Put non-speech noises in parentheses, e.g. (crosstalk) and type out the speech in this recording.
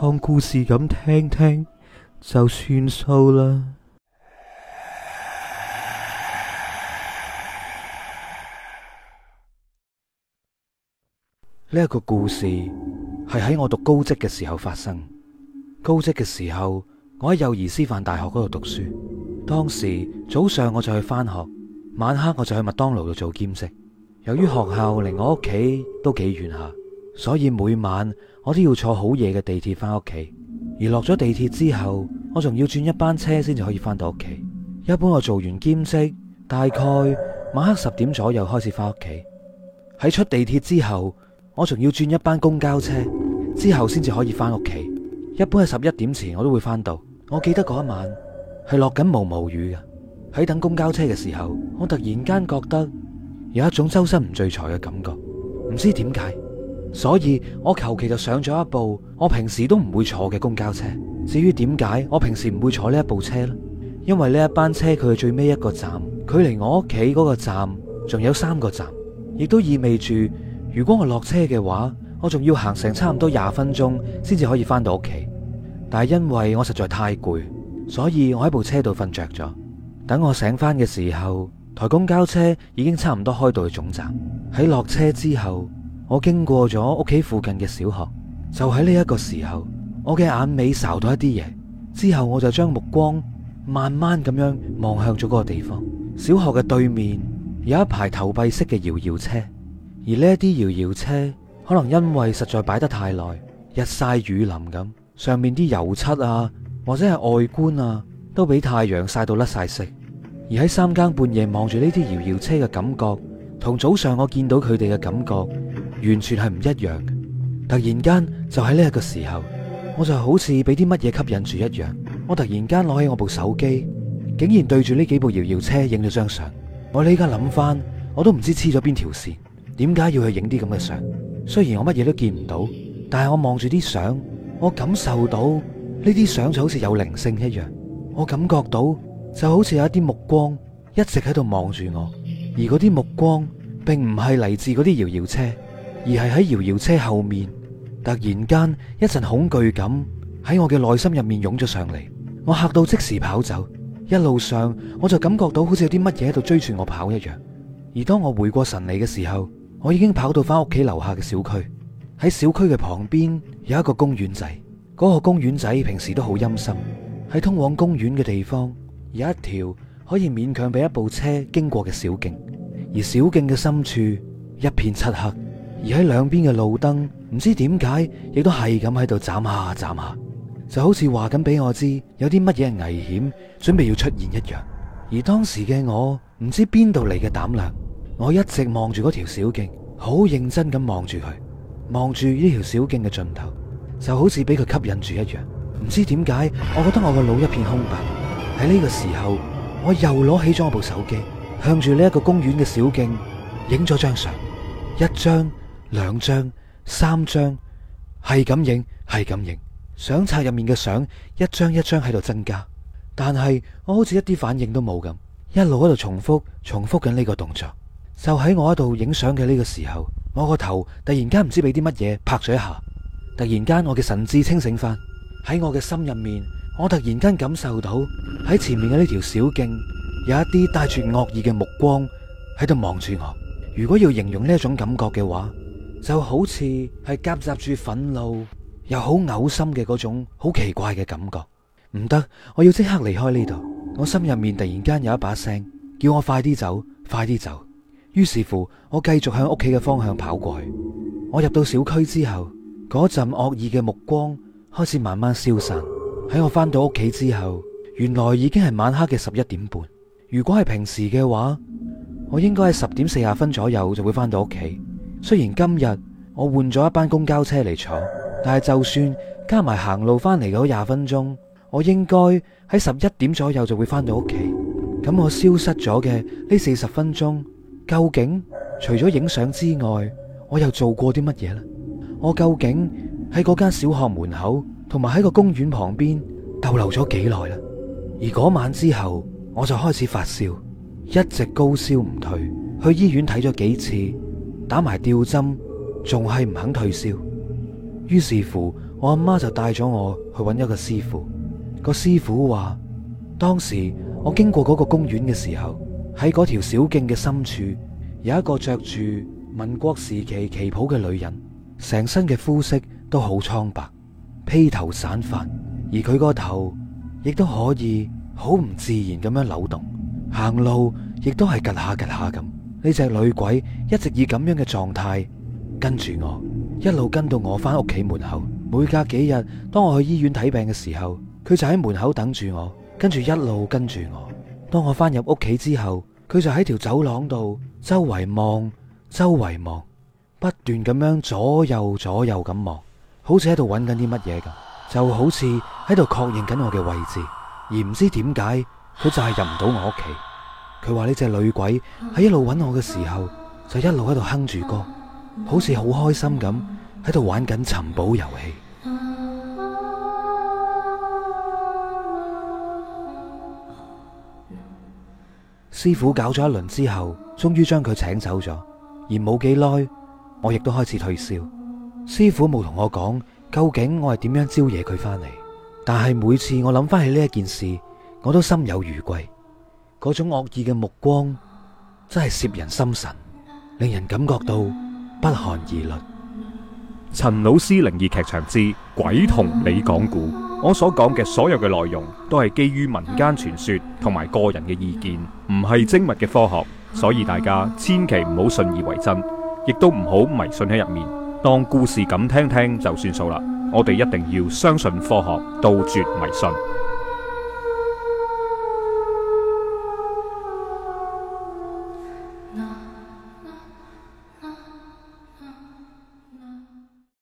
當故事咁聽聽就算數啦。呢一個故事係喺我讀高職嘅時候發生。高職嘅時候，我喺幼兒師範大學嗰度讀書。當時早上我就去翻學，晚黑我就去麥當勞度做兼職。由於學校離我屋企都幾遠下。所以每晚我都要坐好夜嘅地鐵翻屋企，而落咗地鐵之後，我仲要轉一班車先至可以翻到屋企。一般我做完兼職，大概晚黑十點左右開始翻屋企。喺出地鐵之後，我仲要轉一班公交車，之後先至可以翻屋企。一般係十一點前我都會翻到。我記得嗰一晚係落緊毛毛雨嘅，喺等公交車嘅時候，我突然間覺得有一種周身唔聚財嘅感覺，唔知點解。所以我求其就上咗一部我平時都唔會坐嘅公交車。至於點解我平時唔會坐呢一部車咧？因為呢一班車佢係最尾一個站，距離我屋企嗰個站仲有三個站，亦都意味住如果我落車嘅話，我仲要行成差唔多廿分鐘先至可以翻到屋企。但係因為我實在太攰，所以我喺部車度瞓着咗。等我醒翻嘅時候，台公交車已經差唔多開到去總站。喺落車之後，我經過咗屋企附近嘅小學，就喺呢一個時候，我嘅眼尾睄到一啲嘢，之後我就將目光慢慢咁樣望向咗嗰個地方。小學嘅對面有一排投幣式嘅搖搖車，而呢一啲搖搖車可能因為實在擺得太耐，日曬雨淋咁，上面啲油漆啊或者係外觀啊都俾太陽曬到甩曬色。而喺三更半夜望住呢啲搖搖車嘅感覺，同早上我見到佢哋嘅感覺。完全係唔一樣。突然間就喺呢一個時候，我就好似俾啲乜嘢吸引住一樣。我突然間攞起我部手機，竟然對住呢幾部搖搖車影咗張相。我呢家諗翻，我都唔知黐咗邊條線，點解要去影啲咁嘅相？雖然我乜嘢都見唔到，但係我望住啲相，我感受到呢啲相就好似有靈性一樣。我感覺到就好似有一啲目光一直喺度望住我，而嗰啲目光並唔係嚟自嗰啲搖搖車。而係喺搖搖車後面，突然間一陣恐懼感喺我嘅內心入面湧咗上嚟，我嚇到即時跑走。一路上我就感覺到好似有啲乜嘢喺度追住我跑一樣。而當我回過神嚟嘅時候，我已經跑到翻屋企樓下嘅小區。喺小區嘅旁邊有一個公園仔，嗰個公園仔平時都好陰森。喺通往公園嘅地方有一條可以勉強俾一部車經過嘅小徑，而小徑嘅深處一片漆黑。而喺兩邊嘅路燈，唔知點解，亦都係咁喺度眨下眨下、下，就好似話緊俾我知有啲乜嘢危險準備要出現一樣。而當時嘅我，唔知邊度嚟嘅膽量，我一直望住嗰條小徑，好認真咁望住佢，望住呢條小徑嘅盡頭，就好似俾佢吸引住一樣。唔知點解，我覺得我個腦一片空白。喺呢個時候，我又攞起咗部手機，向住呢一個公園嘅小徑影咗張相，一張。兩張、三張，係咁影，係咁影。相冊入面嘅相一張一張喺度增加，但係我好似一啲反應都冇咁，一路喺度重複、重複緊呢個動作。就喺我喺度影相嘅呢個時候，我個頭突然間唔知俾啲乜嘢拍咗一下，突然間我嘅神志清醒翻。喺我嘅心入面，我突然間感受到喺前面嘅呢條小徑有一啲帶住惡意嘅目光喺度望住我。如果要形容呢一種感覺嘅話，就好似係夾雜住憤怒又好嘔心嘅嗰種好奇怪嘅感覺，唔得，我要即刻離開呢度。我心入面突然間有一把聲，叫我快啲走，快啲走。於是乎，我繼續向屋企嘅方向跑過去。我入到小區之後，嗰陣惡意嘅目光開始慢慢消散。喺我翻到屋企之後，原來已經係晚黑嘅十一點半。如果係平時嘅話，我應該係十點四十分左右就會翻到屋企。雖然今日我換咗一班公交車嚟坐，但係就算加埋行路翻嚟嗰廿分鐘，我應該喺十一點左右就會翻到屋企。咁我消失咗嘅呢四十分鐘，究竟除咗影相之外，我又做過啲乜嘢呢？我究竟喺嗰間小學門口同埋喺個公園旁邊逗留咗幾耐咧？而嗰晚之後，我就開始發燒，一直高燒唔退，去醫院睇咗幾次。打埋吊針，仲係唔肯退燒。於是乎，我阿媽就帶咗我去搵一個師傅。個師傅話，當時我經過嗰個公園嘅時候，喺嗰條小徑嘅深處，有一個着住民國時期旗袍嘅女人，成身嘅膚色都好蒼白，披頭散髮，而佢個頭亦都可以好唔自然咁樣扭動，行路亦都係吉下吉下咁。呢隻女鬼一直以咁樣嘅狀態跟住我，一路跟到我翻屋企門口。每隔幾日，當我去醫院睇病嘅時候，佢就喺門口等住我，跟住一路跟住我。當我翻入屋企之後，佢就喺條走廊度周圍望，周圍望，不斷咁樣左右左右咁望，好似喺度搵緊啲乜嘢咁，就好似喺度確認緊我嘅位置，而唔知點解佢就係入唔到我屋企。佢話呢隻女鬼喺一路揾我嘅時候，就一路喺度哼住歌，好似好開心咁喺度玩緊尋寶遊戲。 (noise) 師傅搞咗一輪之後，終於將佢請走咗，而冇幾耐，我亦都開始退燒。師傅冇同我講究竟我係點樣招惹佢返嚟，但係每次我諗翻起呢一件事，我都心有餘悸。嗰種惡意嘅目光真係攝人心神，令人感覺到不寒而栗。陳老師靈異劇場之「鬼同你講故」，我所講嘅所有嘅內容都係基於民間傳說同埋個人嘅意見，唔係精密嘅科學，所以大家千祈唔好信以為真，亦都唔好迷信喺入面，當故事咁聽聽就算數啦。我哋一定要相信科學，杜絕迷信。